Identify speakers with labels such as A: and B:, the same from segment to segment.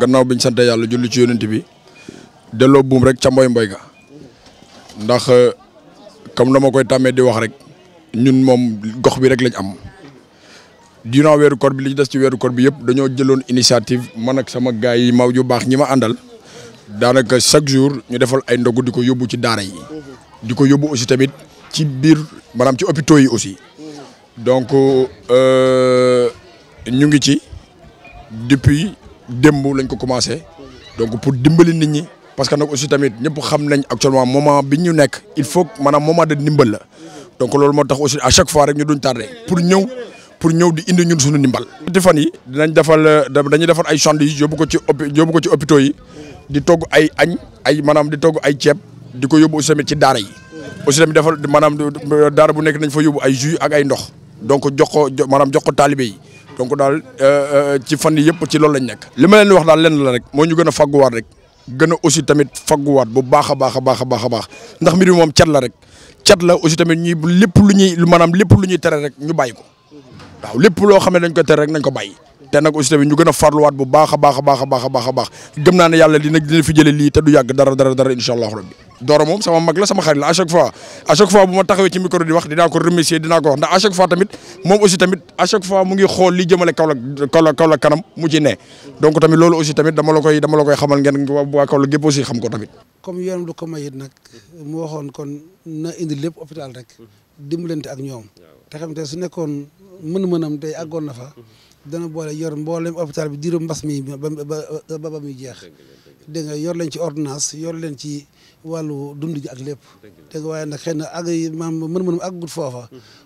A: gannaaw biñ sante yalla julli ci yoonent bi delo buum rek ca moy mboy ga ndax eh, comme dama koy tamé di wax rek ñun mom gox bi rek lañ am dina wéru koor bi li ci ci wéru koor bi yépp dañoo jëlone initiative man ak sama gaay yi maw ju bax ñima ma danaka chaque jour ñu defal ay ndogu diko yobbu ci daara yi diko yobbu aussi tamit ci bir manam ci hôpitaux yi aussi donc eh, ñu ngi ci depuis démb lañ ko commencé donc pour dimbali nit ñi parce que nak aussi tamit ñep xam nañ actuellement moment bi ñu nek il faut manam moment de dimbal la donc loolu motax aussi à chaque fois rek ñu duñ tardé pour ñew pour ñew di indi ñun suñu dimbal ci fan yi dinañ defal dañuy defal ay sandwich yóbbu ko ci yóbbu ko ci hôpitaux yi di togg ay agne ay manam di togg ay ceeb di ko yóbbu aussi tamit ci dara yi. aussi tamit defal manam dara bu nek nañ fa yóbbu ay jus ak ay ndox donc jox ko maanaam jox ko taalibe yi. donc daal euh, euh, ci fan yi yëpp ci loolu lañ nekk. li ma leen di wax daal lenn la rek moo ñu gën a fagguwaat rek gën a aussi tamit fagguwaat bu baax a baaxa a baax a baax a ndax mbir mi moom cat la rek cat la aussi tamit ñuy lépp lu ñuy maanaam lépp lu ñuy tere rek ñu bàyyi ko waaw lépp loo xam ne dañ ko tere rek nañ ko bàyyi. té nak aussi tamit ñu gëna farlu wat bu baaxa baaxa baaxa baaxa baaxa a baax gëm na na yalla li nag dina fi jëlé li té du yag dara dara dara inshallah rabbi Doro mom sama mag la sama xarit la à chaque fois à chaque fois bu taxawé ci micro di wax dina ko remercier dina ko wax ndax à chaque fois tamit mom aussi tamit à chaque fois mu ngi xol li kaw la kaw la kanam mu ci ne donc tamit lolu aussi tamit dama la koy dama la koy xamal ngeen kaw la gépp aussi xam ko tamit
B: comme yoonam du ko mayit nak mu kon na indi lepp hôpital rek dimbulenté ak ñoom té xam té su nekkoon mën-mënam day agon na fa mm-hmm. dana boole yor mboolem hôpital bi diiru mbas mi ba ba ba muy jeex dégg yor leen ci ordonnance yor leen ci wàllu dund gi ak lépp dégg waaye nag xëy na àgg yi maam mën-mënum àggut foofa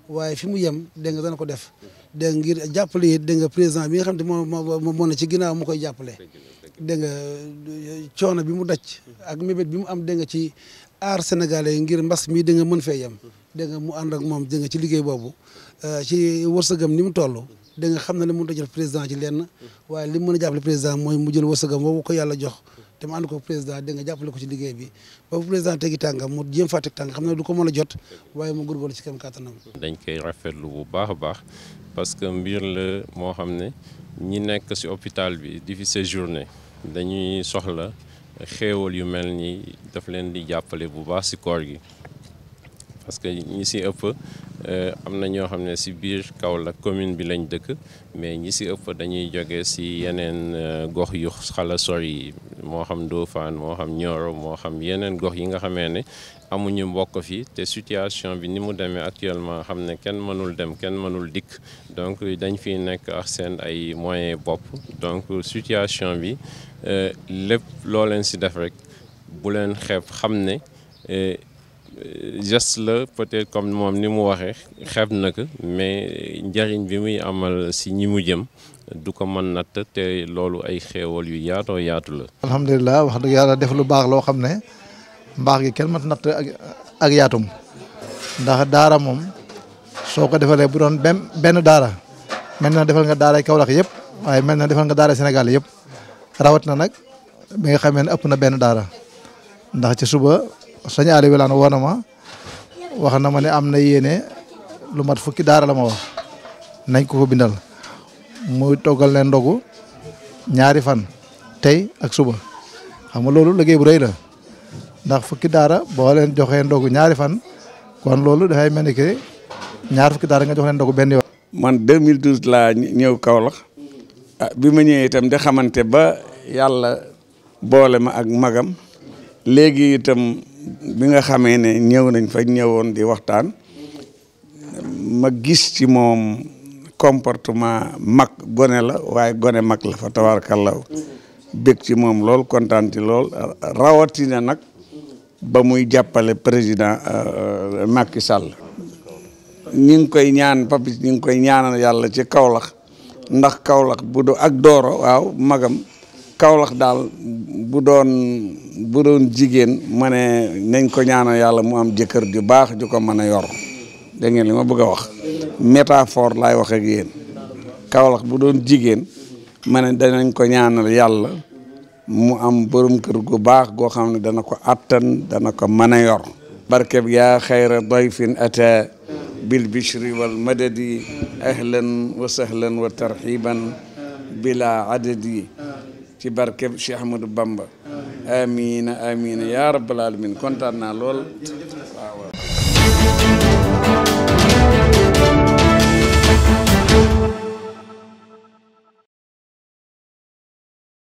B: waaye fi mu yem dégg nga dana ko def dégg ngir jàppale it dégg nga président bi nga xam ne moo moo moo na ci ginnaaw mu koy jàppale dégg nga coono bi mu daj ak mébét bi mu am dégg ci aar sénégalais ngir mbas mi dégg nga mën fee yem dégg nga mu ànd ak moom dégg ci liggéey boobu euh, ci wërsëgam ni mu toll da nga xam ne ne jël président ci lenn waaye li mëna a président moy mu jël wërsëgam boobu ko yalla jox té mu ànd ko président da nga jàppale ko ci liggéey bi ba bu président tegi tangam mu jëm faté teg xamna xam ne du ko mën jot waaye mu góorgóorlu ci kam katanam
C: dañ koy rafetlu bu baax baax parce que mbir le mo xamné ñi nekk ci hôpital bi di fi séjourné dañuy soxla xéewal yu melni daf leen di jàppale bu baax ci koor gi parce que ñi si ëpp euh, am na ñoo xam ne si biir Kaolack commune bi lañ dëkk mais ñi si ëpp dañuy joge si yeneen euh, gox yu xala sori yi moo xam Ndofane moo xam Nioro moo xam yeneen gox yi nga xamee ne amuñu mbokk fi te situation bi ni mu demee actuellement xam ne kenn mënul dem kenn mënul dikk donc dañ fi nekk ak seen ay moyens bopp donc situation bi euh, lépp loo leen si def rek bu leen xeeb xam ne. geste la peut-être comme moom ni mu waxee xeeb na ko mais njariñ bi muy amal si ñi mu jëm du ko mën natt te loolu ay xéewal yu yaatoo yaatu la.
D: alhamdulilah wax dëgg yàlla def lu baax loo xam ne mbaax gi kenn mat natt ak yaatum ndax daara moom soo ko defalee bu doon benn benn daara mel na defal nga daaray Kaolack yëpp waaye mel na defal nga daaray Sénégal yëpp rawat na nag bi nga xamee ne ëpp na benn daara ndax ci suba. sëñ Aliou Wilane woo na ma wax na ma ne am na yéene lu mat fukki daara la ma wax nañ ko ko bindal muy toggal leen ndogu ñaari fan tey ak suba xam nga loolu liggéey bu rëy la ndax fukki daara boo leen joxee ndogu ñaari fan kon loolu dafay mel ni que ñaar fukki daara nga jox ndogu benn
E: yoon. man 2012 laa ñëw Kaolack ah, bi ma ñëwee itam di xamante ba yàlla boole ma ak magam léegi itam. bi nga xamé né ñëw nañ fa ñëwoon di waxtaan ma gis ci mom comportement mak goné la waaye goné mak la fa tabaarakallaah bëgg ci mom lool kontaan ci lool na nak ba muy jappalé président euh, Macky Sall ñi ngi koy ñaan papis ñi ngi koy ñaanal yalla ci kaolax ndax kaolax bu do ak dooro waaw magam Kaolack dal budon budon jigen mane neng konyana yala mu am jeker di bah joko mane yor dégg ngeen li ma bëgg a wax métaphore laay wax ak yéen Kaolack bu doon mu am burum kër gu bah goo xam ne dana ko attan dana ko mane yor barkeb biya khaira doifin ata bil bishri wal madadi ahlan wa sahlan wa tarhiban bila adadi ci barkeb Cheikh Ahmadou Bamba amiina amiina yaa rabbal alamin kontaan naa lool waaw